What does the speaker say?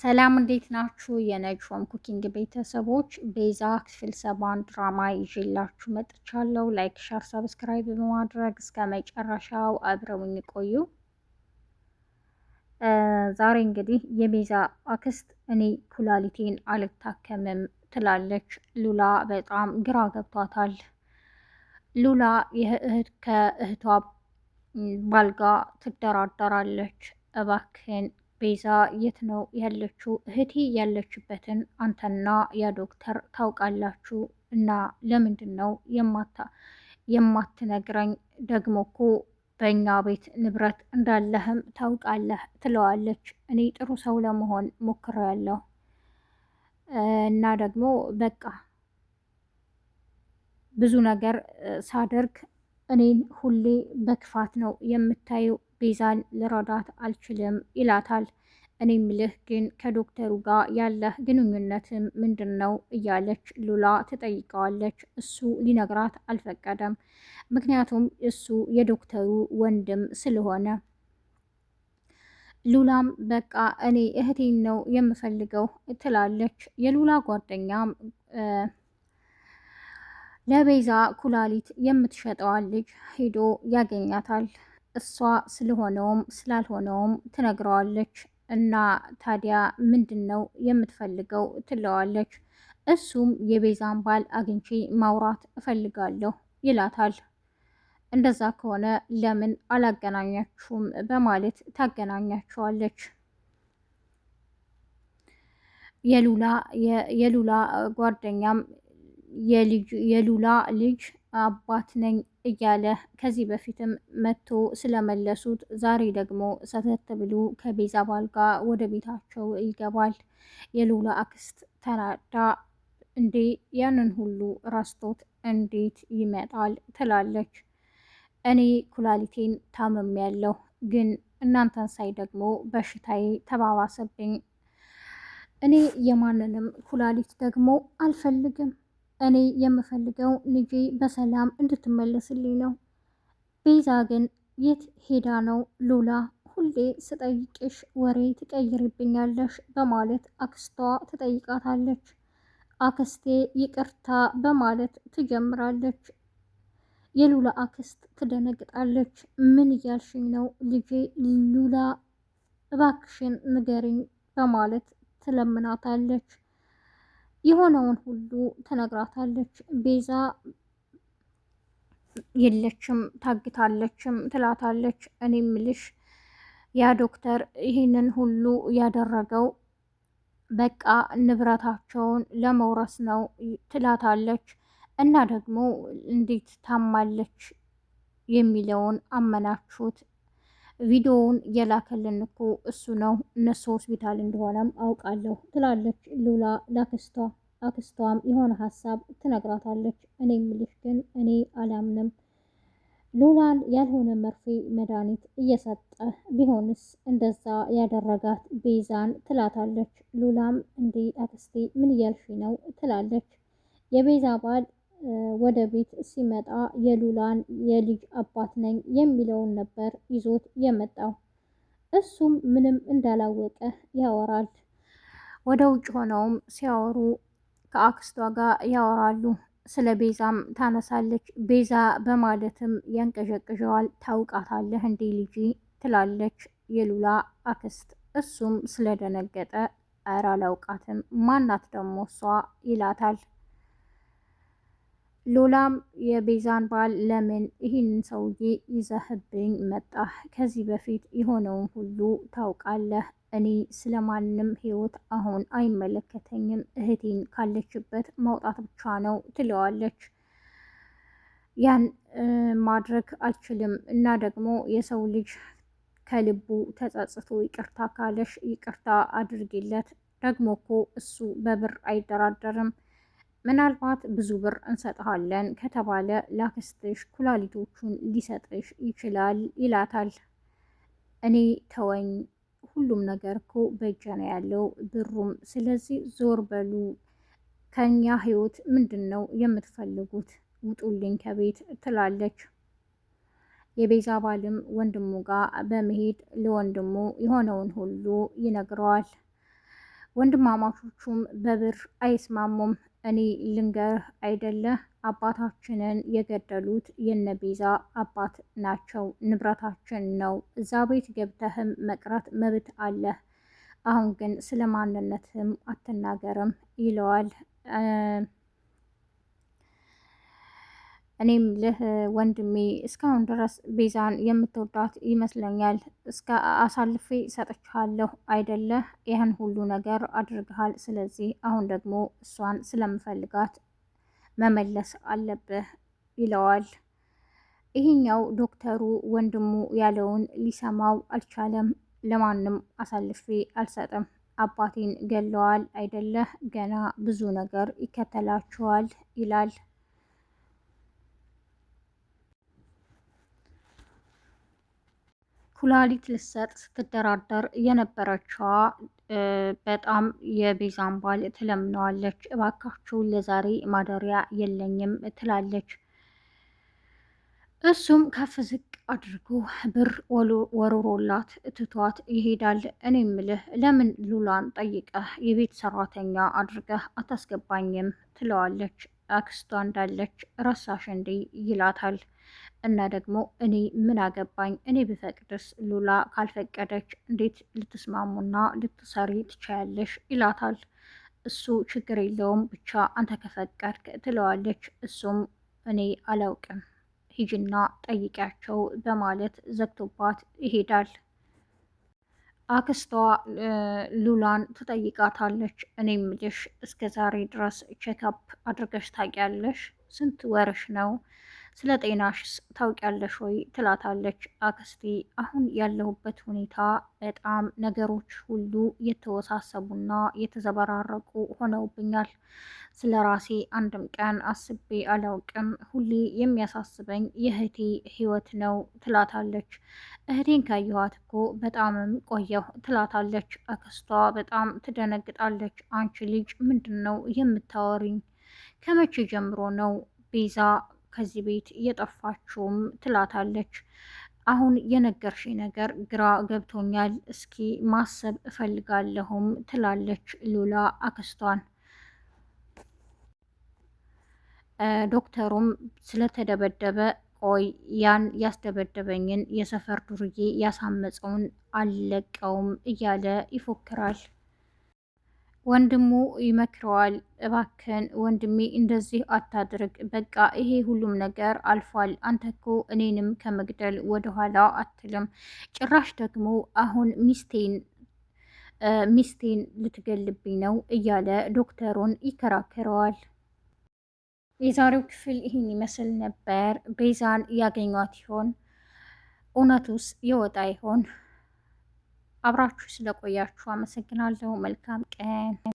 ሰላም እንዴት ናችሁ? የነጂ ኩኪንግ ቤተሰቦች ቤዛ ክፍል ሰባን ድራማ ይዤላችሁ መጥቻለሁ። ላይክ፣ ሻር፣ ሰብስክራይብ በማድረግ እስከ መጨረሻው አብረውኝ ቆዩ። ዛሬ እንግዲህ የቤዛ አክስት እኔ ኩላሊቴን አልታከምም ትላለች። ሉላ በጣም ግራ ገብቷታል። ሉላ የእህት ከእህቷ ባልጋ ትደራደራለች። እባክን ቤዛ የት ነው ያለችው? እህቴ ያለችበትን አንተና ያ ዶክተር ታውቃላችሁ እና ለምንድን ነው የማታ የማትነግረኝ? ደግሞ እኮ በእኛ ቤት ንብረት እንዳለህም ታውቃለህ ትለዋለች። እኔ ጥሩ ሰው ለመሆን ሞክሬያለሁ እና ደግሞ በቃ ብዙ ነገር ሳደርግ እኔን ሁሌ በክፋት ነው የምታየው ቤዛን ልረዳት አልችልም ይላታል። እኔ ምልህ ግን ከዶክተሩ ጋር ያለህ ግንኙነትም ምንድን ነው እያለች ሉላ ትጠይቀዋለች። እሱ ሊነግራት አልፈቀደም። ምክንያቱም እሱ የዶክተሩ ወንድም ስለሆነ ሉላም በቃ እኔ እህቴን ነው የምፈልገው ትላለች። የሉላ ጓደኛም ለቤዛ ኩላሊት የምትሸጠዋን ልጅ ሄዶ ያገኛታል። እሷ ስለሆነውም ስላልሆነውም ትነግረዋለች። እና ታዲያ ምንድን ነው የምትፈልገው ትለዋለች። እሱም የቤዛን ባል አግኝቼ ማውራት እፈልጋለሁ ይላታል። እንደዛ ከሆነ ለምን አላገናኛችሁም በማለት ታገናኛችኋለች። የሉላ ጓደኛም የሉላ ልጅ አባት ነኝ እያለ ከዚህ በፊትም መጥቶ ስለመለሱት ዛሬ ደግሞ ሰተት ብሎ ከቤዛ ባል ጋር ወደ ቤታቸው ይገባል። የሉላ አክስት ተናዳ እንዴ ያንን ሁሉ ረስቶት እንዴት ይመጣል ትላለች። እኔ ኩላሊቴን ታመም ያለሁ ግን እናንተን ሳይ ደግሞ በሽታዬ ተባባሰብኝ። እኔ የማንንም ኩላሊት ደግሞ አልፈልግም እኔ የምፈልገው ልጄ በሰላም እንድትመለስልኝ ነው። ቤዛ ግን የት ሄዳ ነው ሉላ ሁሌ ስጠይቅሽ ወሬ ትቀይርብኛለሽ በማለት አክስቷ ትጠይቃታለች። አክስቴ ይቅርታ በማለት ትጀምራለች። የሉላ አክስት ትደነግጣለች። ምን እያልሽኝ ነው ልጄ ሉላ እባክሽን ንገሪኝ በማለት ትለምናታለች። የሆነውን ሁሉ ትነግራታለች። ቤዛ የለችም ታግታለችም ትላታለች። እኔ ምልሽ ያ ዶክተር ይህንን ሁሉ ያደረገው በቃ ንብረታቸውን ለመውረስ ነው ትላታለች። እና ደግሞ እንዴት ታማለች የሚለውን አመናችሁት ቪዲዮውን የላከልን እኮ እሱ ነው፣ እነሱ ሆስፒታል እንደሆነም አውቃለሁ ትላለች ሉላ ላክስቷ። አክስቷም የሆነ ሀሳብ ትነግራታለች። እኔ ምልሽ ግን እኔ አላምንም ሉላን ያልሆነ መርፌ መድኃኒት እየሰጠ ቢሆንስ እንደዛ ያደረጋት ቤዛን ትላታለች። ሉላም እንዴ አክስቴ ምን እያልሽ ነው ትላለች። የቤዛ ባል ወደ ቤት ሲመጣ የሉላን የልጅ አባት ነኝ የሚለውን ነበር ይዞት የመጣው። እሱም ምንም እንዳላወቀ ያወራል። ወደ ውጭ ሆነውም ሲያወሩ ከአክስቷ ጋር ያወራሉ። ስለ ቤዛም ታነሳለች። ቤዛ በማለትም ያንቀዠቅዠዋል። ታውቃታለህ እንዴ ልጂ ትላለች የሉላ አክስት። እሱም ስለደነገጠ ኧረ አላውቃትም ማናት ደግሞ እሷ ይላታል። ሎላም የቤዛን ባል ለምን ይህንን ሰውዬ ይዘህብኝ መጣህ? ከዚህ በፊት የሆነውን ሁሉ ታውቃለህ። እኔ ስለማንም ህይወት አሁን አይመለከተኝም። እህቴን ካለችበት ማውጣት ብቻ ነው ትለዋለች። ያን ማድረግ አልችልም እና ደግሞ የሰው ልጅ ከልቡ ተጸጽቶ ይቅርታ ካለሽ ይቅርታ አድርጊለት። ደግሞ እኮ እሱ በብር አይደራደርም። ምናልባት ብዙ ብር እንሰጥሃለን ከተባለ ላክስትሽ ኩላሊቶቹን ሊሰጥሽ ይችላል ይላታል። እኔ ተወኝ፣ ሁሉም ነገር እኮ በእጄ ነው ያለው ብሩም፣ ስለዚህ ዞር በሉ ከኛ ህይወት ምንድን ነው የምትፈልጉት? ውጡልኝ ከቤት ትላለች። የቤዛ ባልም ወንድሙ ጋር በመሄድ ለወንድሙ የሆነውን ሁሉ ይነግረዋል። ወንድማማቾቹም በብር አይስማሙም። እኔ ልንገርህ አይደለ አባታችንን የገደሉት የነቤዛ አባት ናቸው፣ ንብረታችን ነው። እዛ ቤት ገብተህም መቅረት መብት አለህ። አሁን ግን ስለ ማንነትህም አትናገርም ይለዋል። እኔም ልህ ወንድሜ እስካሁን ድረስ ቤዛን የምትወዳት ይመስለኛል። እስከ አሳልፌ ሰጥቻለሁ አይደለ? ይህን ሁሉ ነገር አድርግሃል። ስለዚህ አሁን ደግሞ እሷን ስለምፈልጋት መመለስ አለብህ ይለዋል። ይህኛው ዶክተሩ ወንድሙ ያለውን ሊሰማው አልቻለም። ለማንም አሳልፌ አልሰጥም፣ አባቴን ገለዋል አይደለህ? ገና ብዙ ነገር ይከተላቸዋል ይላል። ኩላሊት ልሰጥ ስትደራደር የነበረችዋ በጣም የቤዛን ባል ትለምነዋለች። እባካችሁ ለዛሬ ማደሪያ የለኝም ትላለች። እሱም ከፍ ዝቅ አድርጎ ብር ወሮሮላት ትቷት ይሄዳል። እኔ ምልህ ለምን ሉላን ጠይቀህ የቤት ሰራተኛ አድርገህ አታስገባኝም? ትለዋለች። አክስቷ እንዳለች ረሳሽ እንዴ? ይላታል። እና ደግሞ እኔ ምን አገባኝ እኔ ብፈቅድስ ሉላ ካልፈቀደች እንዴት ልትስማሙና ልትሰሪ ትቻያለሽ? ይላታል። እሱ ችግር የለውም ብቻ አንተ ከፈቀድክ ትለዋለች። እሱም እኔ አላውቅም ሂጅና ጠይቂያቸው በማለት ዘግቶባት ይሄዳል። አክስቷ ሉላን ትጠይቃታለች። እኔ እምልሽ እስከ ዛሬ ድረስ ቼክአፕ አድርገሽ ታውቂያለሽ? ስንት ወርሽ ነው? ስለ ጤናሽስ ታውቂያለሽ ወይ ትላታለች። አክስቴ አሁን ያለሁበት ሁኔታ በጣም ነገሮች ሁሉ የተወሳሰቡና የተዘበራረቁ ሆነውብኛል። ስለ ራሴ አንድም ቀን አስቤ አላውቅም። ሁሌ የሚያሳስበኝ የእህቴ ህይወት ነው ትላታለች። እህቴን ካየኋት እኮ በጣምም ቆየሁ ትላታለች። አክስቷ በጣም ትደነግጣለች። አንቺ ልጅ ምንድን ነው የምታወሪኝ? ከመቼ ጀምሮ ነው ቤዛ ከዚህ ቤት እየጠፋችውም ትላታለች። አሁን የነገርሽ ነገር ግራ ገብቶኛል፣ እስኪ ማሰብ እፈልጋለሁም ትላለች ሉላ አክስቷን። ዶክተሩም ስለተደበደበ ቆይ ያን ያስደበደበኝን የሰፈር ዱርዬ ያሳመፀውን አልለቀውም እያለ ይፎክራል። ወንድሙ ይመክረዋል። እባክን ወንድሜ እንደዚህ አታድርግ፣ በቃ ይሄ ሁሉም ነገር አልፏል። አንተ እኮ እኔንም ከመግደል ወደኋላ አትልም። ጭራሽ ደግሞ አሁን ሚስቴን ሚስቴን ልትገልብኝ ነው እያለ ዶክተሩን ይከራከረዋል። የዛሬው ክፍል ይህን ይመስል ነበር። ቤዛን ያገኟት ይሆን? እውነቱስ የወጣ ይሆን? አብራችሁ ስለቆያችሁ አመሰግናለሁ። መልካም ቀን